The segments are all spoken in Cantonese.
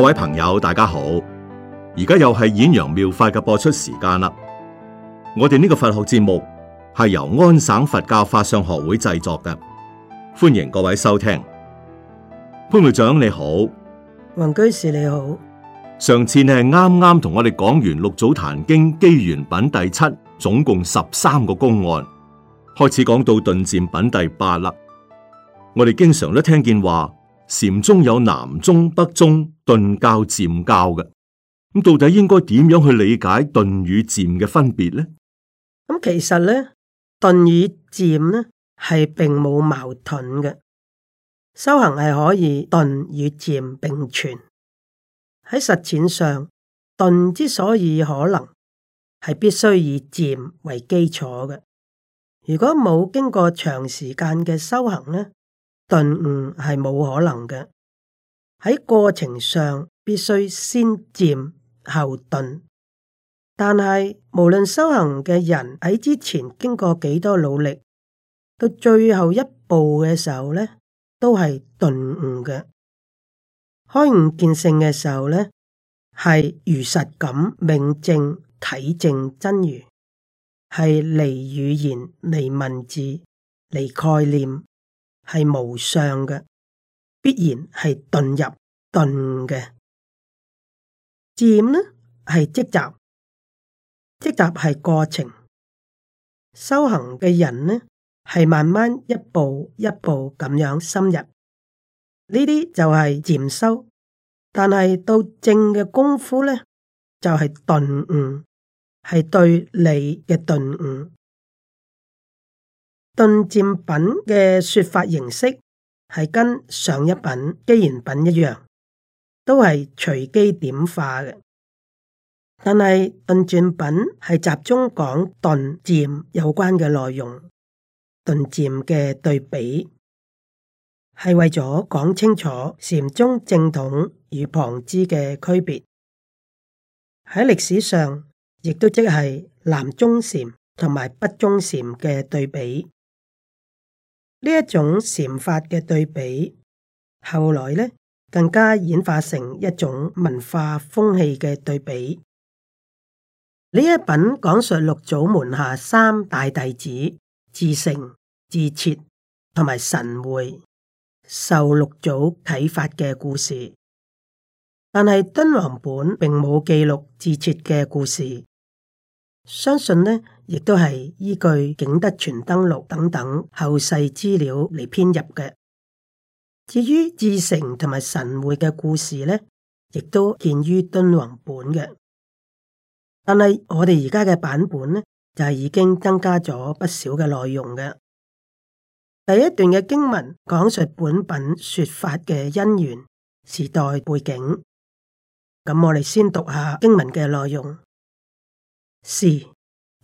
各位朋友，大家好！而家又係《演揚妙法》嘅播出時間啦。我哋呢個佛學節目係由安省佛教法相學會製作嘅，歡迎各位收聽。潘會長你好，雲居士你好。上次你係啱啱同我哋講完《六祖壇經》機緣品第七，總共十三個公案，開始講到頓漸品第八啦。我哋經常都聽見話。禪宗有南宗、北宗、頓教、漸教嘅，咁到底應該點樣去理解頓與漸嘅分別咧？咁其實咧，頓與漸咧係並冇矛盾嘅，修行係可以頓與漸並存。喺實踐上，頓之所以可能，係必須以漸為基礎嘅。如果冇經過長時間嘅修行咧，頓悟係冇可能嘅，喺過程上必須先漸後頓，但係無論修行嘅人喺之前經過幾多努力，到最後一步嘅時候咧，都係頓悟嘅。開悟見性嘅時候咧，係如實咁明證體證真如，係離語言、離文字、離概念。係無上嘅，必然係頓入頓嘅。漸呢係積習，積習係過程。修行嘅人呢係慢慢一步一步咁樣深入。呢啲就係漸修，但係到正嘅功夫呢就係、是、頓悟，係對你嘅頓悟。頓漸品嘅說法形式係跟上一品機緣品一樣，都係隨機點化嘅。但係頓漸品係集中講頓漸有關嘅內容，頓漸嘅對比係為咗講清楚禪宗正統與旁支嘅區別。喺歷史上，亦都即係南宗禪同埋北宗禪嘅對比。呢一種禪法嘅對比，後來咧更加演化成一種文化風氣嘅對比。呢一品講述六祖門下三大弟子志誠、志徹同埋神會受六祖啟發嘅故事，但係敦煌本並冇記錄志徹嘅故事，相信呢。亦都係依據《景德傳燈錄》等等後世資料嚟編入嘅。至於志誠同埋神會嘅故事咧，亦都見於敦煌本嘅。但係我哋而家嘅版本咧，就係、是、已經增加咗不少嘅內容嘅。第一段嘅經文講述本品說法嘅因緣、時代背景。咁我哋先讀下經文嘅內容，是。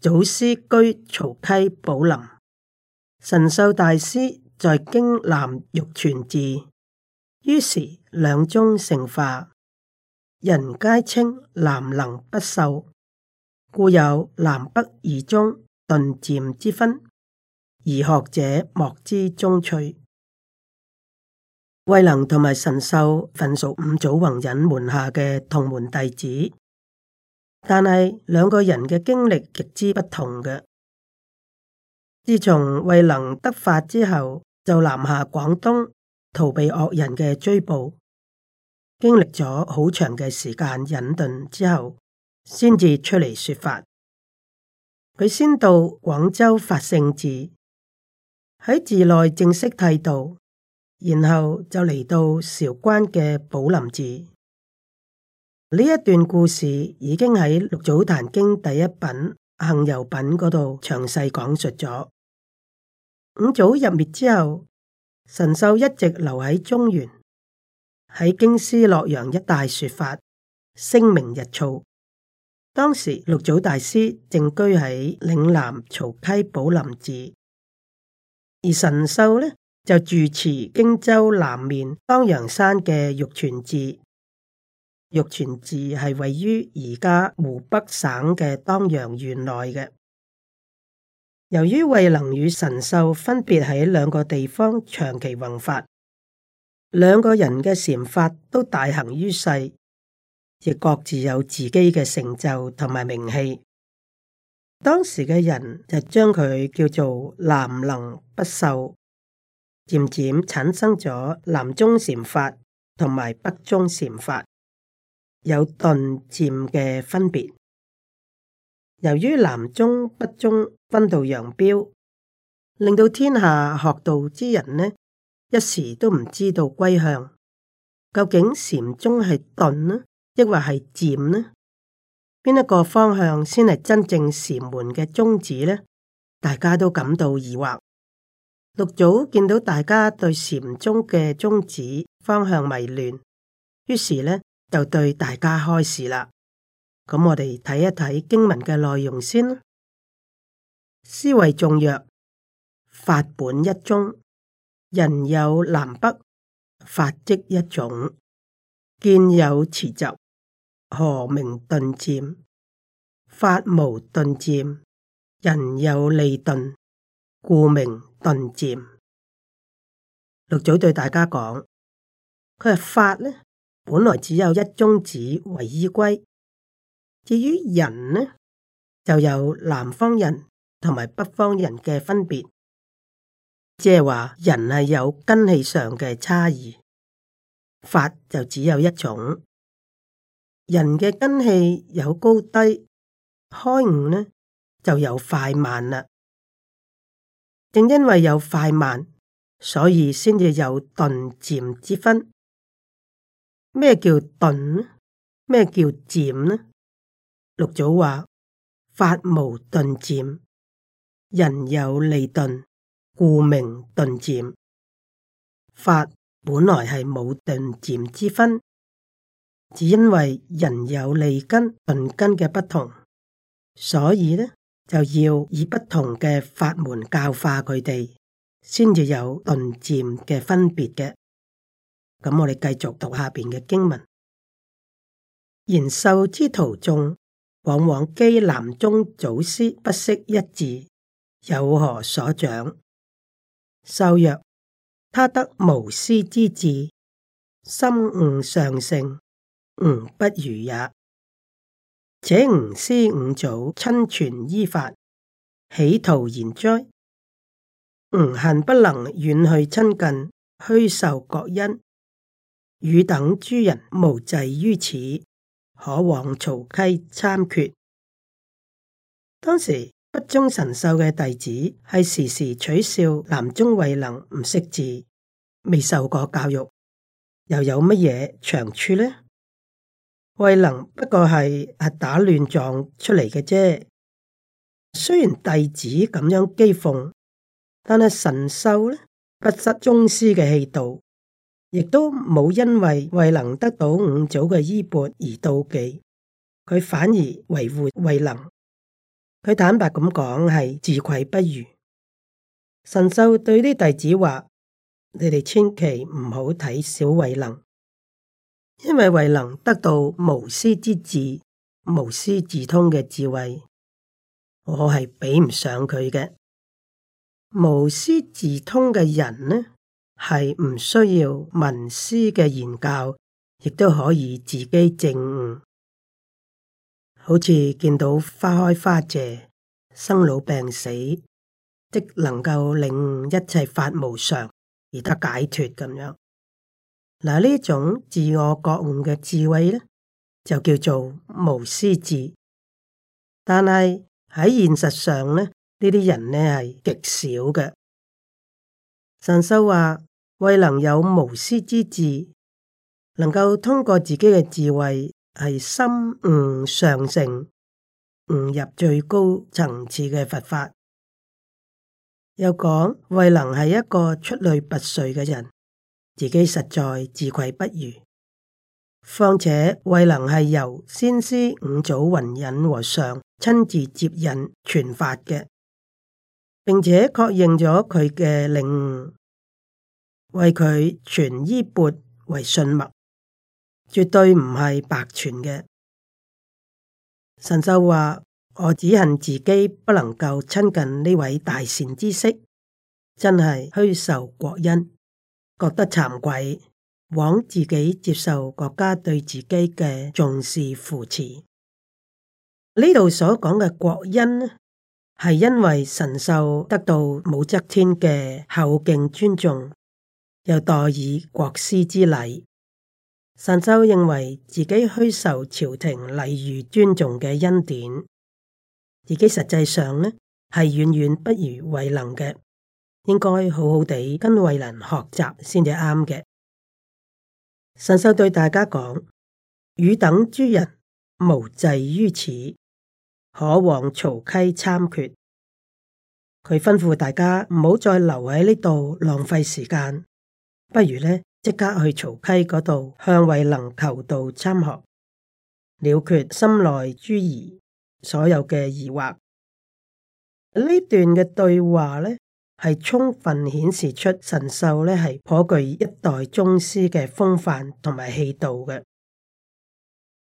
祖師居曹溪寶林，神秀大師在京南玉泉寺。於是兩宗成化，人皆稱南能北秀，故有南北二宗頓漸之分。而學者莫知中趣，慧能同埋神秀，分屬五祖弘忍門下嘅同門弟子。但係兩個人嘅經歷極之不同嘅。自從慧能得法之後，就南下廣東，逃避惡人嘅追捕，經歷咗好長嘅時間隱遁之後，先至出嚟說法。佢先到廣州法性寺，喺寺內正式剃度，然後就嚟到韶關嘅寶林寺。呢一段故事已經喺《六祖壇經》第一品《行由品》嗰度詳細講述咗。五祖入滅之後，神秀一直留喺中原，喺京師洛陽一帶說法，聲名日噪。當時六祖大師正居喺嶺南曹溪寶林寺，而神秀呢，就住持荊州南面當陽山嘅玉泉寺。玉泉寺係位於而家湖北省嘅當陽縣內嘅。由於慧能與神秀分別喺兩個地方長期弘法，兩個人嘅禪法都大行於世，亦各自有自己嘅成就同埋名氣。當時嘅人就將佢叫做南能北秀，漸漸產生咗南宗禪法同埋北宗禪法。有頓漸嘅分別，由於南宗北宗分道揚鑣，令到天下學道之人呢一時都唔知道歸向，究竟禪宗係頓呢，抑或係漸呢？邊一個方向先係真正禪門嘅宗旨呢？大家都感到疑惑。六祖見到大家對禪宗嘅宗旨方向迷亂，於是呢，就對大家開示啦。咁我哋睇一睇經文嘅內容先。思維眾藥法本一宗，人有南北，法即一種，見有遲疾，何名頓漸？法無頓漸，人有利鈍，故名頓漸。六祖對大家講，佢係法呢。本來只有一宗旨為依歸，至於人呢，就有南方人同埋北方人嘅分別，即係話人係有根器上嘅差異。法就只有一種，人嘅根器有高低，開悟呢就有快慢啦。正因為有快慢，所以先至有頓漸之分。咩叫頓咩叫漸呢？六祖話：法無頓漸，人有利鈍，故名頓漸。法本來係冇頓漸之分，只因為人有利根鈍根嘅不同，所以呢就要以不同嘅法門教化佢哋，先至有頓漸嘅分別嘅。咁我哋繼續讀下邊嘅經文。延壽之徒眾，往往譏南宗祖師不識一字，有何所長？壽曰：他得無師之智，心悟上聖，吾不如也。且吾師五祖親傳依法，豈徒然哉。吾恨不能遠去親近，虛受國恩。汝等諸人無濟於此，可往曹溪參決。當時北宗神秀嘅弟子係時時取笑南宗慧能唔識字，未受過教育，又有乜嘢長處呢？慧能不過係啊打亂撞出嚟嘅啫。雖然弟子咁樣譏諷，但係神秀呢不失宗師嘅氣度。亦都冇因為慧能得到五祖嘅衣缽而妒忌，佢反而維護慧能。佢坦白咁講係自愧不如。神秀對啲弟子話：你哋千祈唔好睇小慧能，因為慧能得到無師之智、無師自通嘅智慧，我係比唔上佢嘅。無師自通嘅人呢？係唔需要聞思嘅研究，亦都可以自己證悟。好似見到花開花謝、生老病死，即能夠令一切法無常而得解脫咁樣。嗱，呢種自我覺悟嘅智慧咧，就叫做無師智。但係喺現實上咧，呢啲人咧係極少嘅。神秀話：慧能有無私之智，能夠通過自己嘅智慧，係心悟上乘，悟入最高層次嘅佛法。又講慧能係一個出類拔萃嘅人，自己實在自愧不如。況且慧能係由先師五祖弘忍和尚親自接引傳法嘅。並且確認咗佢嘅領悟，為佢傳衣缽為信物，絕對唔係白傳嘅。神秀話：我只恨自己不能夠親近呢位大善知識，真係虛受國恩，覺得慚愧，枉自己接受國家對自己嘅重視扶持。呢度所講嘅國恩係因為神秀得到武則天嘅后敬尊重，又待以國師之禮，神秀認為自己虛受朝廷禮遇尊重嘅恩典，自己實際上呢係遠遠不如慧能嘅，應該好好地跟慧能學習先至啱嘅。神秀對大家講：汝等諸人無濟於此。可往曹溪參決。佢吩咐大家唔好再留喺呢度浪費時間，不如呢即刻去曹溪嗰度向慧能求道參學，了決心內諸疑、所有嘅疑惑。呢段嘅對話呢係充分顯示出神秀呢係頗具一代宗師嘅風範同埋氣度嘅。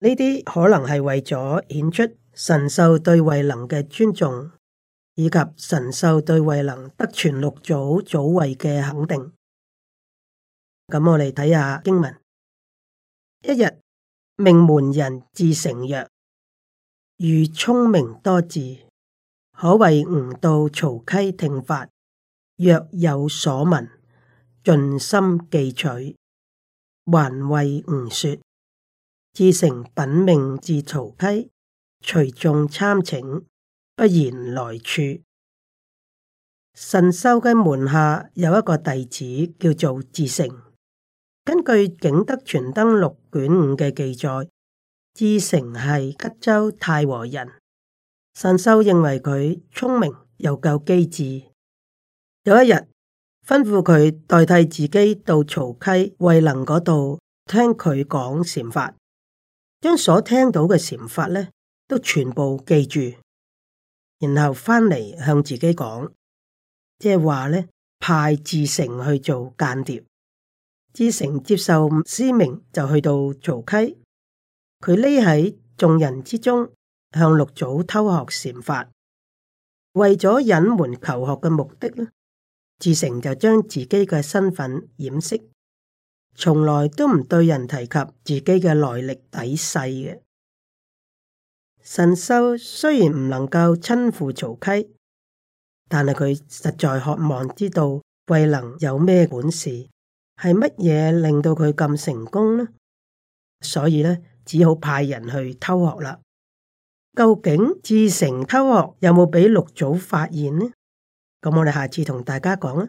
呢啲可能係為咗顯出。神秀對慧能嘅尊重，以及神秀對慧能得傳六祖祖位嘅肯定，咁我嚟睇下經文。一日，命門人志誠曰：汝聰明多智，可為吾到曹溪聽法。若有所聞，盡心記取，還為吾說。志誠稟命至曹溪。隨眾參請，不言來處。神秀嘅門下有一個弟子叫做志誠。根據《景德傳燈錄》卷五嘅記載，志誠係吉州泰和人。神秀認為佢聰明又夠機智，有一日吩咐佢代替自己到曹溪慧能嗰度聽佢講禪法，將所聽到嘅禪法呢，都全部記住，然後翻嚟向自己講，即係話呢，派志成去做間諜。志成接受師命就去到曹溪，佢匿喺眾人之中，向六祖偷學禪法。為咗隱瞞求學嘅目的咧，志成就將自己嘅身份掩飾，從來都唔對人提及自己嘅來歷底細嘅。神秀雖然唔能夠親赴曹溪，但係佢實在渴望知道慧能有咩本事，係乜嘢令到佢咁成功呢？所以咧，只好派人去偷學啦。究竟志誠偷學有冇俾六祖發現呢？咁我哋下次同大家講啦。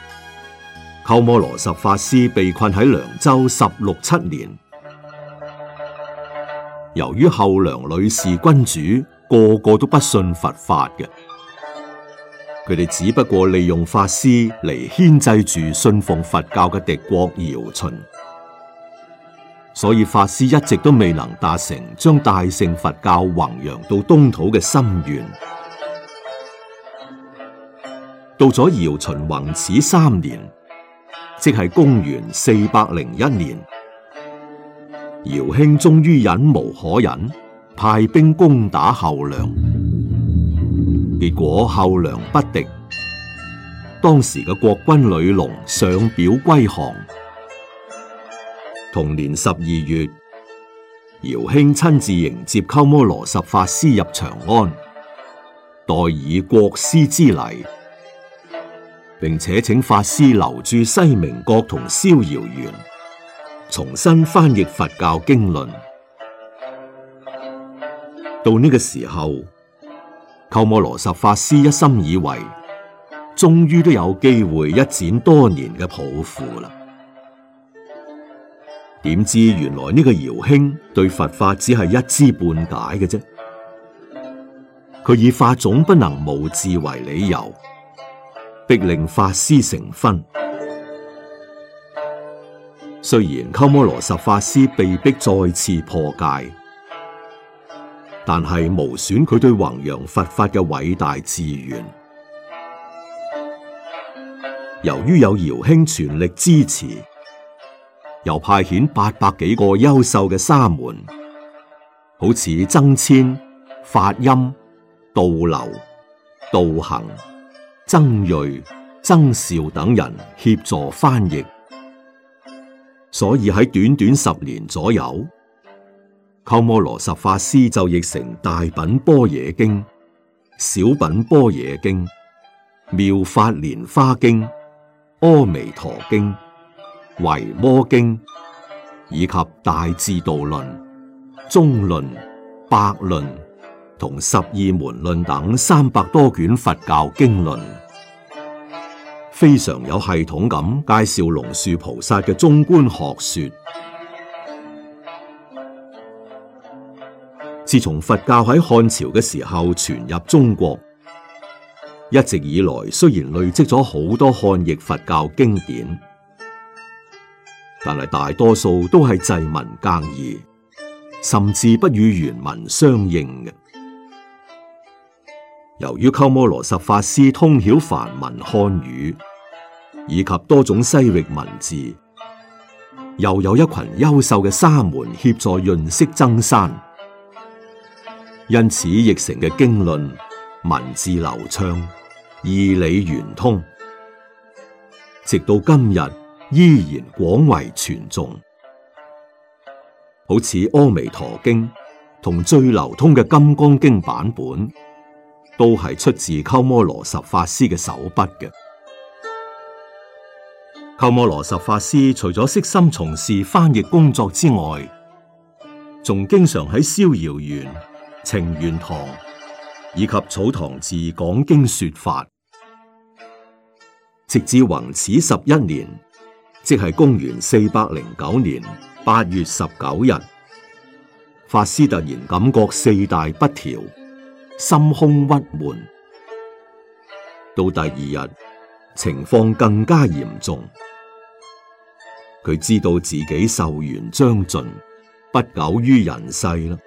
鳩摩羅什法師被困喺涼州十六七年，由於後涼呂氏君主個個都不信佛法嘅，佢哋只不過利用法師嚟牽制住信奉佛教嘅敵國姚秦，所以法師一直都未能達成將大乘佛教弘揚到東土嘅心願。到咗姚秦弘始三年。即係公元四百零一年，姚興終於忍無可忍，派兵攻打後涼。結果後涼不敵。當時嘅國君呂隆上表歸降。同年十二月，姚興親自迎接鳩摩羅什法師入長安，待以國師之禮。並且請法師留住西明國同逍遙園，重新翻譯佛教經論。到呢個時候，鳩摩羅什法師一心以為，終於都有機會一展多年嘅抱負啦。點知原來呢個姚興對佛法只係一知半解嘅啫，佢以「法種不能無字」為理由。逼令法師成婚。雖然鳩摩羅什法師被迫再次破戒，但係無損佢對弘揚佛法嘅偉大志願。由於有姚興全力支持，又派遣八百幾個優秀嘅沙門，好似僧遷、法音、道流、道行。曾睿、曾兆等人協助翻譯，所以喺短短十年左右，鳩摩羅什法師就譯成《大品般若經》《小品般若經》《妙法蓮花經》《阿彌陀經》《維摩經》以及《大智度論》《中論》《百論》。同十二門論等三百多卷佛教經論，非常有系統咁介紹龍樹菩薩嘅中觀學說。自從佛教喺漢朝嘅時候傳入中國，一直以來雖然累積咗好多漢譯佛教經典，但係大多數都係滯文格義，甚至不與原文相應嘅。由於鳩摩羅什法師通曉梵文、漢語以及多種西域文字，又有一群優秀嘅沙門協助潤色增刪，因此譯成嘅經論文字流暢、義理圓通，直到今日依然廣為傳頌，好似《阿彌陀經》同最流通嘅《金剛經》版本。都係出自鳩摩羅什法師嘅手筆嘅。鳩摩羅什法師除咗悉心從事翻譯工作之外，仲經常喺逍遙園、情願堂以及草堂寺講經說法。直至弘始十一年，即係公元四百零九年八月十九日，法師突然感覺四大不調。心胸鬱悶，到第二日情況更加嚴重。佢知道自己壽元將盡，不久於人世啦。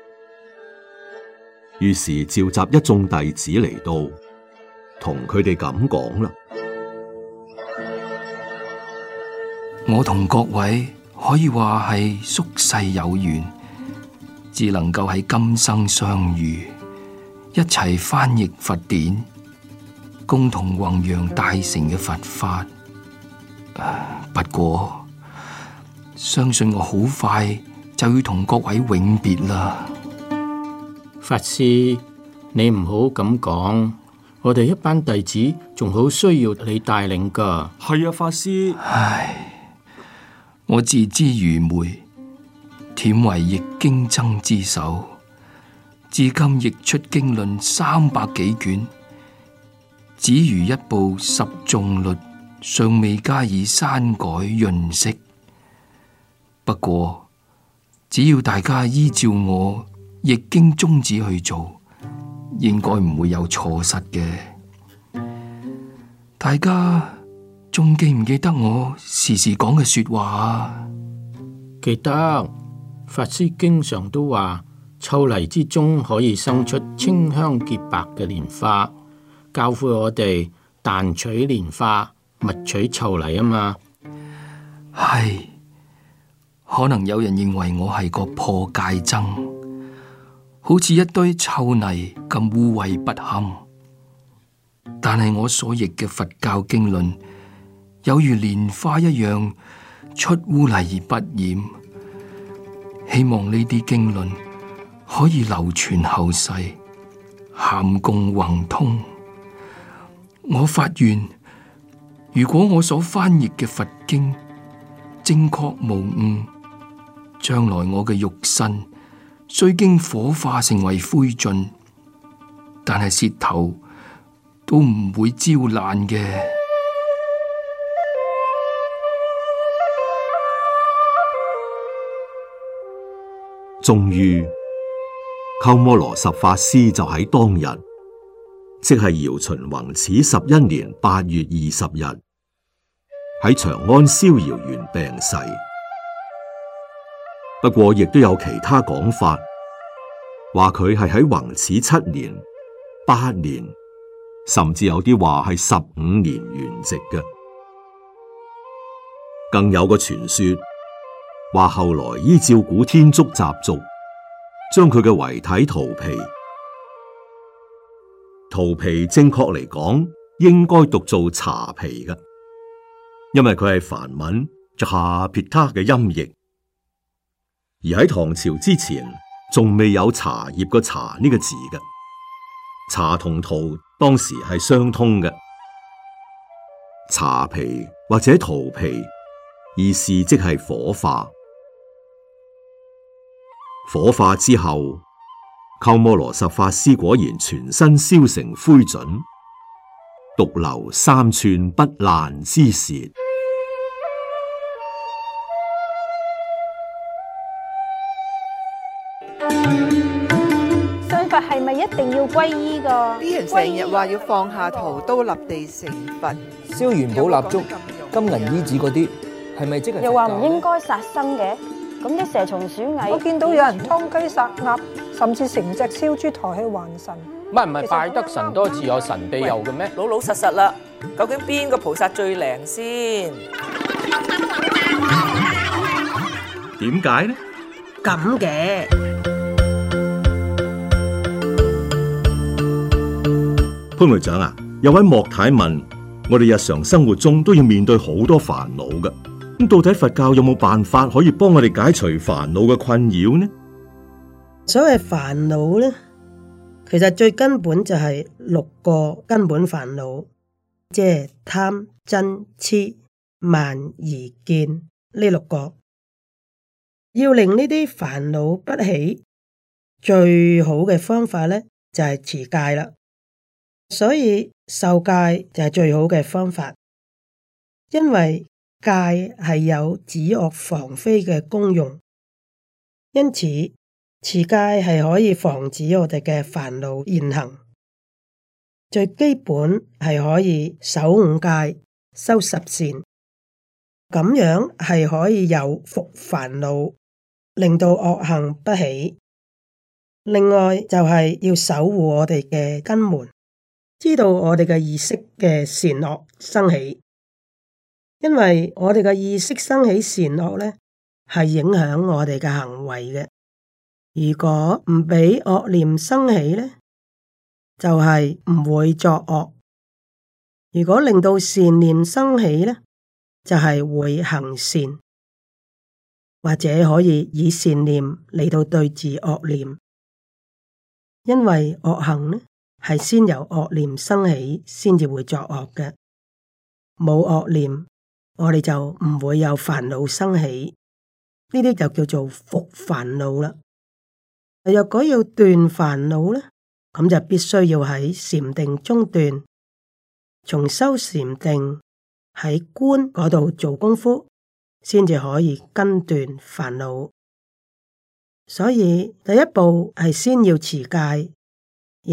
於是召集一眾弟子嚟到，同佢哋咁講啦：我同各位可以話係宿世有緣，只能夠喺今生相遇。一齊翻譯佛典，共同弘揚大乘嘅佛法。不 過，相信我好快就要同各位永別啦。法師，你唔好咁講，我哋一班弟子仲好需要你帶領㗎。係啊，法師。唉，我自知愚昧，忝為譯經僧之首。至今譯出經論三百幾卷，只如一部十眾律，尚未加以刪改潤色。不過，只要大家依照我譯經宗旨去做，應該唔會有錯失嘅。大家仲記唔記得我時時講嘅說話？記得，法師經常都話。臭泥之中可以生出清香潔白嘅蓮花，教會我哋但取蓮花，勿取臭泥啊嘛！唉，可能有人認為我係個破戒僧，好似一堆臭泥咁污穢不堪。但係我所譯嘅佛教經論，有如蓮花一樣，出污泥而不染。希望呢啲經論，可以流傳後世，咸共宏通。我發願，如果我所翻譯嘅佛經正確無誤，將來我嘅肉身雖經火化成為灰燼，但係舌頭都唔會焦爛嘅。終於。鳩摩羅什法師就喺當日，即係姚秦弘始十一年八月二十日，喺長安逍遙園病逝。不過，亦都有其他講法，話佢係喺弘始七年、八年，甚至有啲話係十五年圓寂嘅。更有個傳說，話後來依照古天竺習俗。將佢嘅遺體荼皮，荼皮正確嚟講，應該讀做茶皮㗎，因為佢係梵文，就下撇他嘅音譯，而喺唐朝之前，仲未有茶葉個茶呢個字㗎，茶同荼當時係相通嘅，茶皮或者荼皮，意思即係火化。火化之後，鳩摩羅什法師果然全身燒成灰燼，獨留三寸不爛之舌。嗯、信佛係咪一定要皈依噶？啲人成日話要放下屠刀立地成佛，燒元寶蠟燭、金銀衣紙嗰啲，係咪即係又話唔應該殺生嘅？咁啲蛇蟲鼠蟻，我見到有人劏雞殺鴨，甚至成隻燒豬抬去還神。唔係唔係，拜得神多自有神庇佑嘅咩？老老實實啦，究竟邊個菩薩最靈先？點解呢？咁嘅潘會長啊，有位莫太問，我哋日常生活中都要面對好多煩惱㗎。咁到底佛教有冇辦法可以幫我哋解除煩惱嘅困擾呢？所謂煩惱咧，其實最根本就係六個根本煩惱，即係貪、嗔、痴、慢、疑、見呢六個。要令呢啲煩惱不起，最好嘅方法咧就係持戒啦。所以受戒就係最好嘅方法，因為。戒係有止惡防非嘅功用，因此持戒係可以防止我哋嘅煩惱現行。最基本係可以守五戒、修十善，咁樣係可以有伏煩惱，令到惡行不起。另外就係要守護我哋嘅根門，知道我哋嘅意識嘅善惡生起。因為我哋嘅意識生起善惡咧，係影響我哋嘅行為嘅。如果唔俾惡念生起咧，就係、是、唔會作惡；如果令到善念生起咧，就係、是、會行善，或者可以以善念嚟到對治惡念。因為惡行咧係先由惡念生起先至會作惡嘅，冇惡念。我哋就唔會有煩惱生起，呢啲就叫做伏煩惱啦。若果要斷煩惱咧，咁就必須要喺禪定中斷，從修禪定喺觀嗰度做功夫，先至可以根斷煩惱。所以第一步係先要持戒，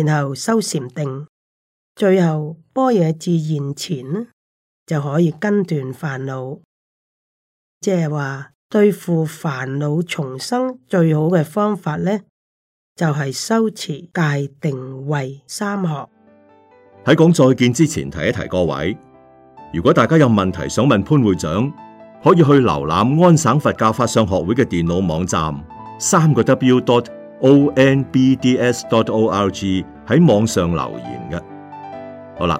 然後修禪定，最後般若自然現前就可以根斷煩惱，即係話對付煩惱重生最好嘅方法咧，就係修持戒定慧三學。喺講再見之前，提一提各位，如果大家有問題想問潘會長，可以去瀏覽安省佛教法相學會嘅電腦網站，三個 W dot O N B D S dot O R G 喺網上留言嘅。好啦。